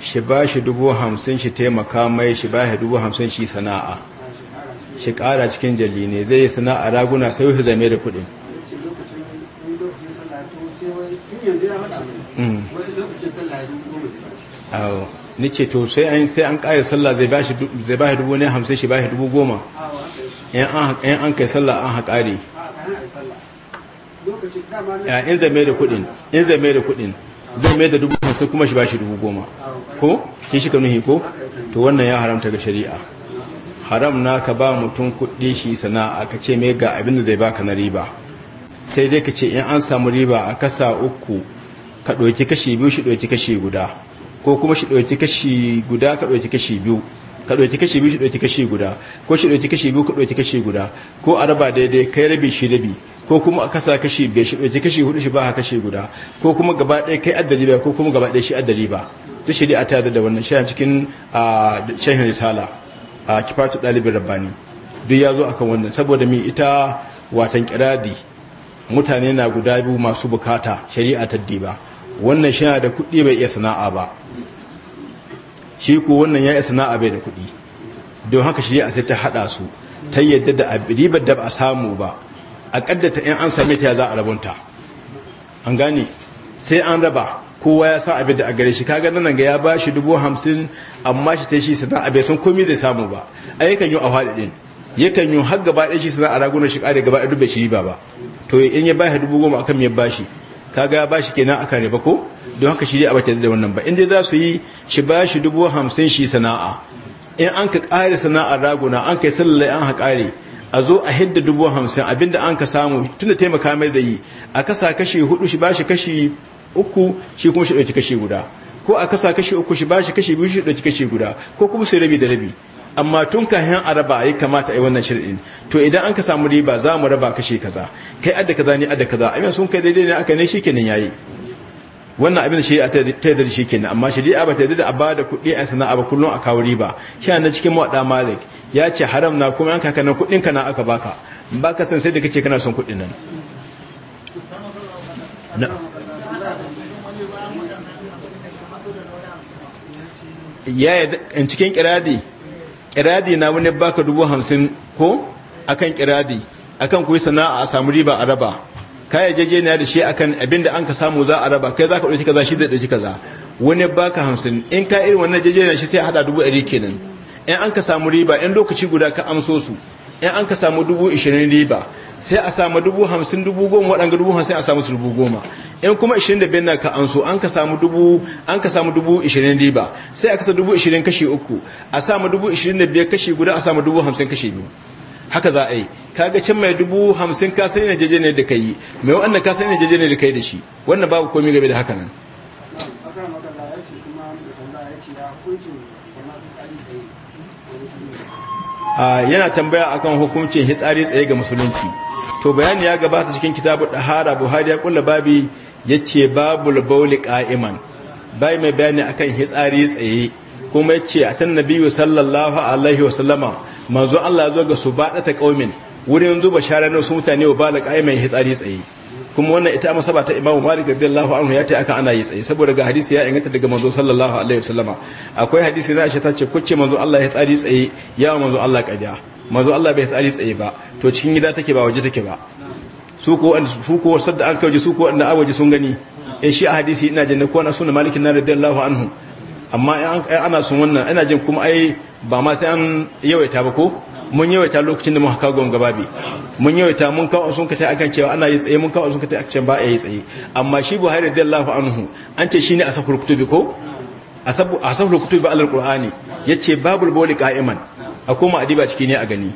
shi ba shi dubu hamsin shi taimaka mai shi ba shi dubu hamsin shi sana'a shi ƙara cikin jalli ne zai yi sana'a raguna sai yi zame da kudin Hmm. awo ni ce to sai an sai an sallah zai bashi zai bashi dubu ne hamsin shi ba shi dubu goma yan an kai sallah an Ya in zai mai da kudin, in zai mai da kudin, zai mai da dubu hamsin kuma shi ba shi dubu goma ko kin shi ka nuhi ko to wannan ya haramta ga shari'a haram na ka ba mutum kudi shi sana'a ka ce mai ga abin da zai baka na riba sai dai ka ce in an samu riba a kasa uku ka ɗauki kashi biyu shi ɗauki kashi guda ko kuma shi ɗauki kashi guda ka ɗauki kashi biyu ka ɗauki kashi biyu shi ɗauki kashi guda ko shi ɗauki kashi biyu ka ɗauki kashi guda ko a raba daidai kai rabi shi rabi ko kuma a kasa kashi biyar shi ɗauki kashi hudu shi ba kashi guda ko kuma gaba ɗaya kai addari ba ko kuma gaba ɗaya shi addari ba duk shari'a ta yarda da wannan shi a cikin shahin risala a kifatu ɗalibin rabbani duk ya zo akan wannan saboda mai ita watan kiradi mutane na guda biyu masu bukata shari'a ta diba wannan shi da kuɗi bai iya sana'a ba shi ko wannan ya iya sana'a bai da kuɗi don haka shari'a sai ta haɗa su ta yadda da ribar da ba a samu ba a ƙaddata in an same ta ya za a rabunta an gane sai an raba kowa ya san abin da a gare shi kaga nan ga ya ba shi dubu hamsin amma shi ta shi sana'a bai san komi zai samu ba ayyukan yi a faɗi ɗin yakan yi har gaba ɗaya shi suna a ragunan shi ƙare gaba ɗaya dubbe shi riba ba to in ya bashi dubu goma akan mai bashi kaga ya bashi kenan aka riba ko don haka shi dai a bace da wannan ba in dai za su yi shi bashi dubu hamsin shi sana'a in an ka ƙare sana'ar raguna an kai sallalai an ha ƙare a zo a hidda dubu hamsin abinda an ka samu tun da taimaka mai zai yi a kasa kashi hudu shi bashi kashi uku shi kuma shi ɗauki kashi guda ko a kasa kashi uku shi bashi kashi biyu shi ɗauki kashi guda ko kuma sai rabi da rabi amma tun kahin a raba ya kamata a yi wannan shirin to idan an ka samu riba za mu raba kashe kaza kai adda kaza ne adda kaza amma sun kai daidai ne aka ne kenan yayi wannan abin da shari'a ta yarda shi kenan amma shari'a ba ta yadda da abada kuɗi a sana'a ba kullum a kawo riba shi na cikin muwadda malik ya ce haram na kuma an kanan kuɗin ka na aka baka ba ka san sai da kace kana son kuɗin nan ya yi cikin kiradi kiradi na wani baka dubu hamsin ko akan kiradi akan kuwa sana'a a samu riba a raba ka na da shi akan abin da an ka samu za a raba kai za ka ɗauki kaza shi zai ɗauki kaza wani baka hamsin in ka irin wannan na shi sai a haɗa dubu ɗari kenan in an ka samu riba in lokaci guda ka amso su in an ka samu dubu ishirin riba sai a samu dubu hamsin dubu goma waɗanga dubu hamsin a samu su dubu goma yan kuma ishirin da biyar na ka an so an ka samu dubu an ka samu dubu ishirin riba sai a kasa dubu ishirin kashi uku a samu dubu ishirin da biyar kashi guda a samu dubu hamsin kashi biyu haka za a yi kaga can mai dubu hamsin ka sani na jeje ne da ka yi mai wannan ka sani na jeje ne da ka yi da shi wannan babu komi game da haka nan yana tambaya akan hukuncin hitsari tsaye ga musulunci to bayani ya gabata cikin kitabu dahara buhari ya kula babi ya ce babul bauli ka'iman bai mai bayani akan hitsari tsaye kuma ya ce yace atan biyu sallallahu alaihi wasallama manzo Allah zo ga ta ƙaumin wurin zuba sharar su mutane wa bala ka'iman hitsari tsaye kuma wannan ita masaba ta Imam Malik radiyallahu anhu ya ta aka ana yi tsaye saboda ga hadisi ya inganta daga manzo sallallahu alaihi wasallama akwai hadisi da Aisha ta ce kucce manzo Allah ya tsari tsaye ya manzo Allah kadiya manzo Allah bai tsari tsaye ba to cikin gida take ba waje take ba su ko wanda su ko sadda an kauje su ko wanda awaje sun gani eh shi a hadisi ina jin ko na sunna Malik na radiyallahu anhu amma ana sun wannan ina jin kuma ai ba ma sai an yawaita ba ko mun yawaita lokacin da muka kawo gaba bi mun yawaita mun kawo sun ka akan cewa ana yi tsaye mun kawo sun ka ta akan ba a yi tsaye amma shi Buhari radiyallahu anhu an ce shine asafur kutubi ko asabu asafur kutubi alal qur'ani yace babul bawli qa'iman a ma adiba ciki ne a gani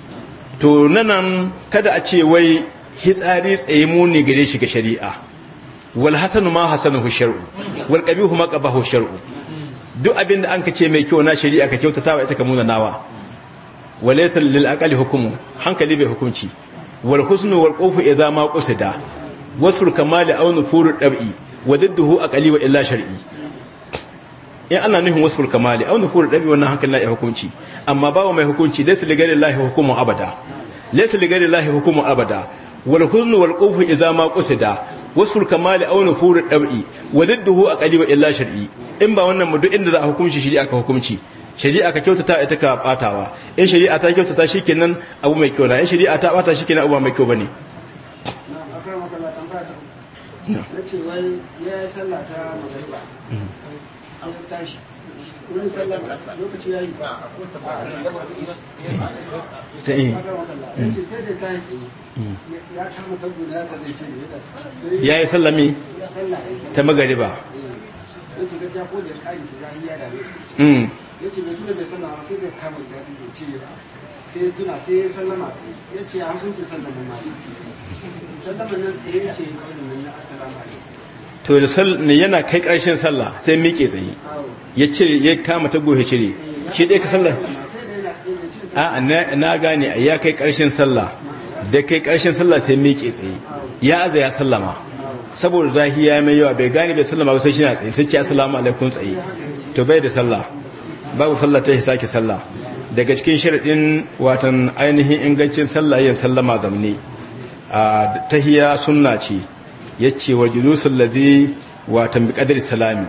to nanan kada a ce wai hitsari tsaye mu ne gare shi ga shari'a wal hasanu ma hasanahu shar'u wal qabihu ma qabahu shar'u duk abin da an ka ce mai kyau na shari'a ka kyautata wa ita ka muna nawa walaysa lil aqali hukumu hankali bai hukunci wal husnu wal qufu idza ma qusida wasfur kamali aw nufuru dab'i wa aqali wa illa shar'i in ana nuhin wasfur kamali aw nufuru dab'i wannan hankali na hukunci amma ba mai hukunci laysa li gari llahi hukumu abada laysa li gari llahi hukumu abada wal husnu wal qufu idza ma qusida wasu kamali aw nufurud dab'i walidduhu a wa illa shari'i in ba wannan mu duk inda za a hukunci shari'a ka hukunci shari'a ka kyautata ita ka batawa in shari'a ta kyautata shi shikenan abu mai kyau na in shari'a ta bata shikenan abu mai kyau bane na ce wai ya sallata magariba mm. an tashi wurin ya yi sallami ta magariba to yana kai ƙarshen sallah sai miƙe tsaye ya cire ya kama ta ya cire shi dai ka sallar a na gane ya kai karshen sallah da kai karshen sallah sai ke tsaye ya aza ya sallama saboda zahi ya mai yawa bai gane bai sallama ba sai shi na tsaye sai ce assalamu alaikum tsaye to bai da sallah babu sallah ta sake sallah daga cikin sharaɗin watan ainihin ingancin sallah yin sallama zamne a tahiya sunna ce yace wa julusul ladhi watan bi salami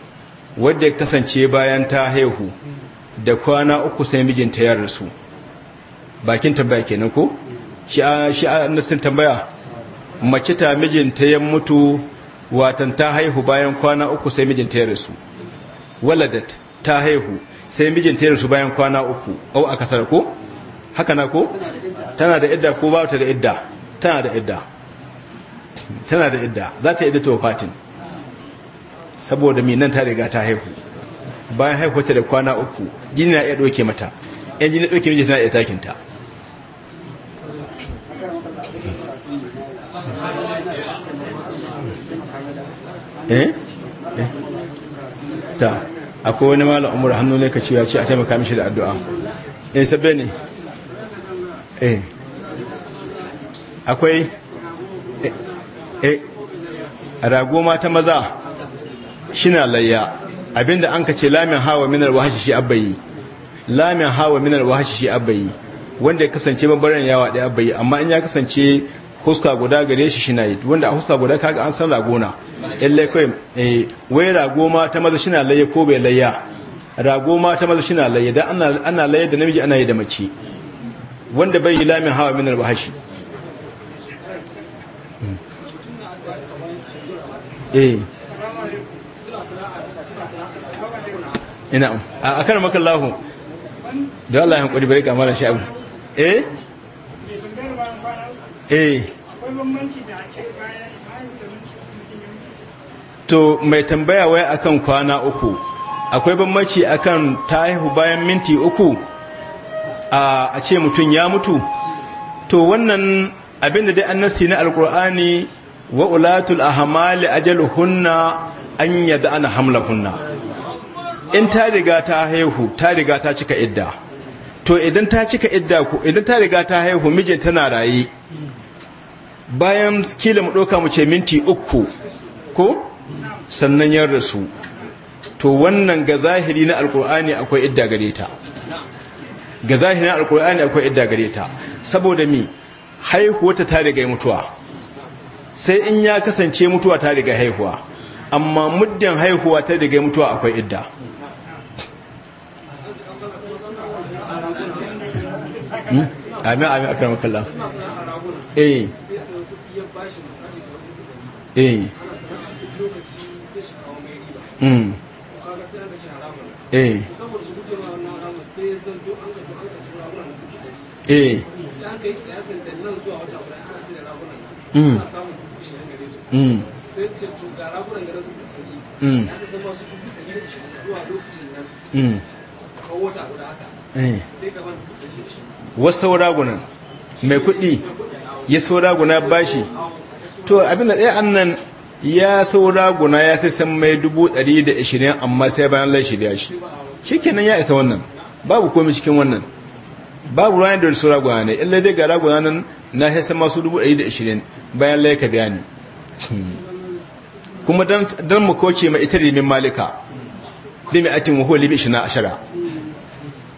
wadda ya kasance bayan ta haihu da kwana uku sai mijinta ya rasu bakin tambaya kenan ko shi a nasin tambaya mace ta mijinta ya mutu watan ta haihu bayan kwana uku sai mijinta ya rasu waladat ta haihu sai mijinta ya rasu bayan kwana uku au a kasar ko haka na ko tana da idda ko ba ta da idda tana da idda tana da idda za ta idda ta wafatin saboda mai nan ta riga ta haihu bayan haihuwata da kwana uku jini na iya ɗauke mata yan jini ɗauke miji suna iya takinta eh? eh? ta akwai wani malam umar hannu ne ka ce ya ce a taimaka mishi da addu'a in eh, sabbe ne akwai eh rago mata maza shina layya abinda an ka ce lamin hawa minar wahashi shi abbayi lamin hawa minar wahashi shi abbayi wanda ya kasance babbaran yawa ɗaya abbayi amma in ya kasance huska guda gare shi shina yi wanda a huska guda kaga an san ragona illai laikwai eh, wai rago ma ta maza shina layya ko bai layya rago ma ta maza shina layya Da ana ana layya da namiji ana yi da mace wanda bai yi lamin hawa minar wahashi hmm. eh ina a kan makallahu da Allah ya hankali bari ka shi abu eh eh to mai tambaya wai akan kwana uku akwai bambanci akan ta haihu bayan minti uku a ce mutum ya mutu to wannan abinda dai annasi na alkur'ani wa ulatul ahmali ajaluhunna an yadda ana hamla kunna in ta riga ta haihu ta riga ta cika idda to idan ta cika idda ku idan ta riga ta haihu mijin tana raye bayan kila mu ɗauka mu ce minti uku ko sannan ya rasu to wannan ga zahiri na alkur'ani akwai idda gare ta ga zahiri na alkur'ani akwai idda gare ta saboda mi haihuwa ta riga mutuwa sai in ya kasance mutuwa ta riga haihuwa amma muddin haihuwa ta daga mutuwa akwai idda hmm? amin amin a karamar kallon eh eh hmm. eh eh mm. kuɗi na mm. ta zama su kuɗi da zuwa lokacin nan mm. kawo wata haka eh. sai ka ban kuɗi wasu ragunan mai kuɗi ya so raguna bashi to abin da ɗaya annan ya so raguna ya sai san mai dubu ɗari da ashirin amma sai bayan lai biya shi shi kenan ya isa wannan babu komai cikin wannan babu ranar da so raguna ne illa dai ga raguna nan na sai san masu dubu ɗari da ashirin bayan lai ka biya ne kuma don mu kauce mai ita limin malika limi atin wa huwa libi ishina ashara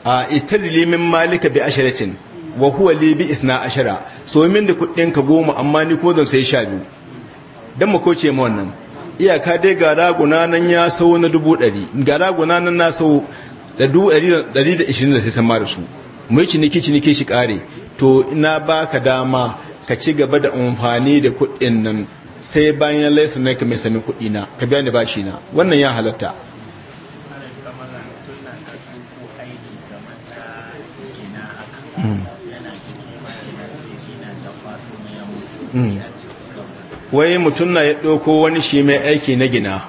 a ita limin malika bi asharatin wa huwa libi ashara so min da kudin ka goma amma ni ko zan sai sha biyu don mu kauce ma wannan iyaka dai ga raguna nan ya sau na dubu ɗari ga raguna nan na sau da dubu ɗari da ishirin da sai sama da su mu yi ciniki ciniki shi ƙare to ina ka dama ka ci gaba da amfani da kuɗin nan sai bayan laisa ne ka mai sami kuɗi na ka biya ni bashi na wannan ya halatta hmm. Hmm. wai mutum na ya ɗauko wani shi mai aiki na gina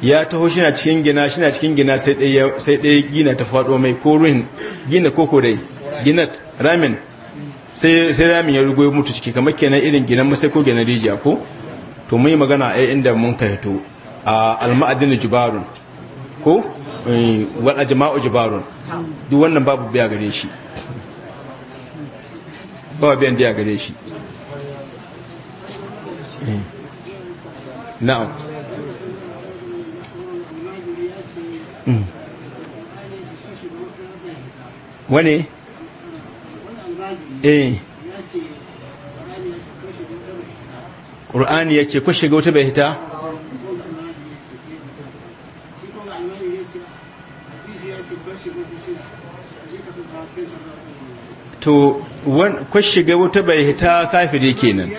ya taho shi na cikin gina shi na cikin gina sai ɗaya gina ta faɗo mai ko ruhin gina koko dai ginat ramin sai ramin ya rigo mutu ciki kamar kenan irin gina masai ko gina rijiya ko to mai magana a inda mun ka hito a alma'adinu jibarun ko eh, wadda jama'u jibarun duk wannan babu biya gare shi babu biyan biya gare shi eh. na'am hmm. wane eh ƙur'ani ya ce ku shiga wuta bai hita to ku shiga wuta bai hita kafiri kenan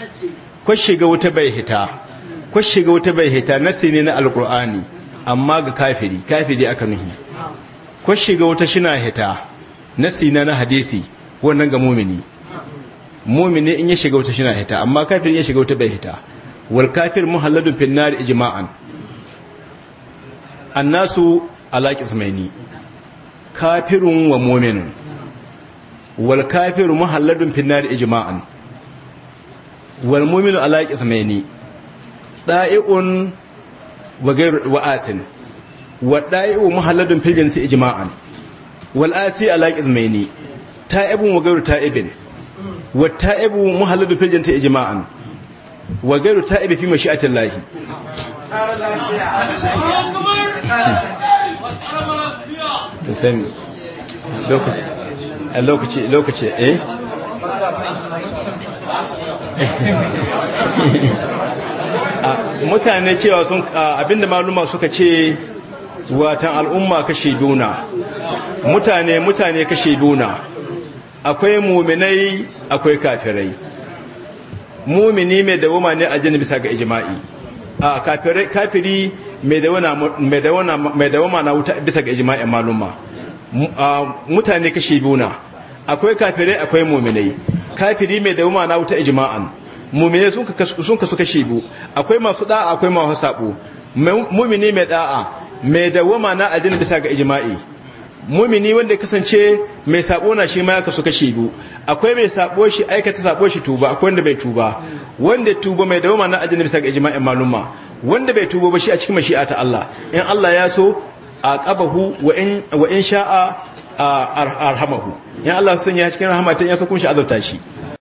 ku shiga wuta bai hita ku shiga wuta bai hita nasi ne na alƙur'ani amma ga kafiri kafiri aka nuhi ku shiga wuta shina hita nasi na na hadisi wannan ga mumini mumini in ya shiga wuta shi na hita amma kafir ya shiga wuta bai hita wal kafir muhalladun fil nar ijma'an annasu ala qismaini kafirun wa mu'minun wal kafir muhalladun fil nar ijma'an wal mu'minu ala qismaini da'i'un wa ghayru wa asin wa da'i'u muhalladun fil jannati ijma'an wal asi ala qismaini ta'ibun wa ghayru ta'ibin والتائب مهلد muhallu الجنة إجماعا وغير التائب في مشيئة الله تسمي لوكتي لوكتي ايه mutane cewa sun abinda maluma suka ce watan al'umma kashe duna mutane mutane kashe duna akwai muminai akwai kafirai mumini mai dawoma ne a jini bisa ga ijima'i a kafiri mai dawoma na wuta bisa ga ijima'in maluma mutane kashi biyu na akwai kafirai akwai muminai kafiri mai dawoma na wuta ijima'an mumini sun kasu kashe biyu akwai masu da'a akwai masu sabo mumini mai da'a mai dawoma na ajini bisa ga ijima'i mumini wanda kasance mai sabo na shi ma ya kasu kashe biyu akwai mai sabo shi aikata sabo shi tuba akwai wanda bai tuba wanda tuba mai dawoma na ajin bisa ga ijma'in maluma wanda bai tuba ba shi a cikin mashi'a ta Allah in Allah ya so a qabahu wa in wa in sha'a arhamahu in Allah sun ya cikin rahmatin ya so kun shi azabta shi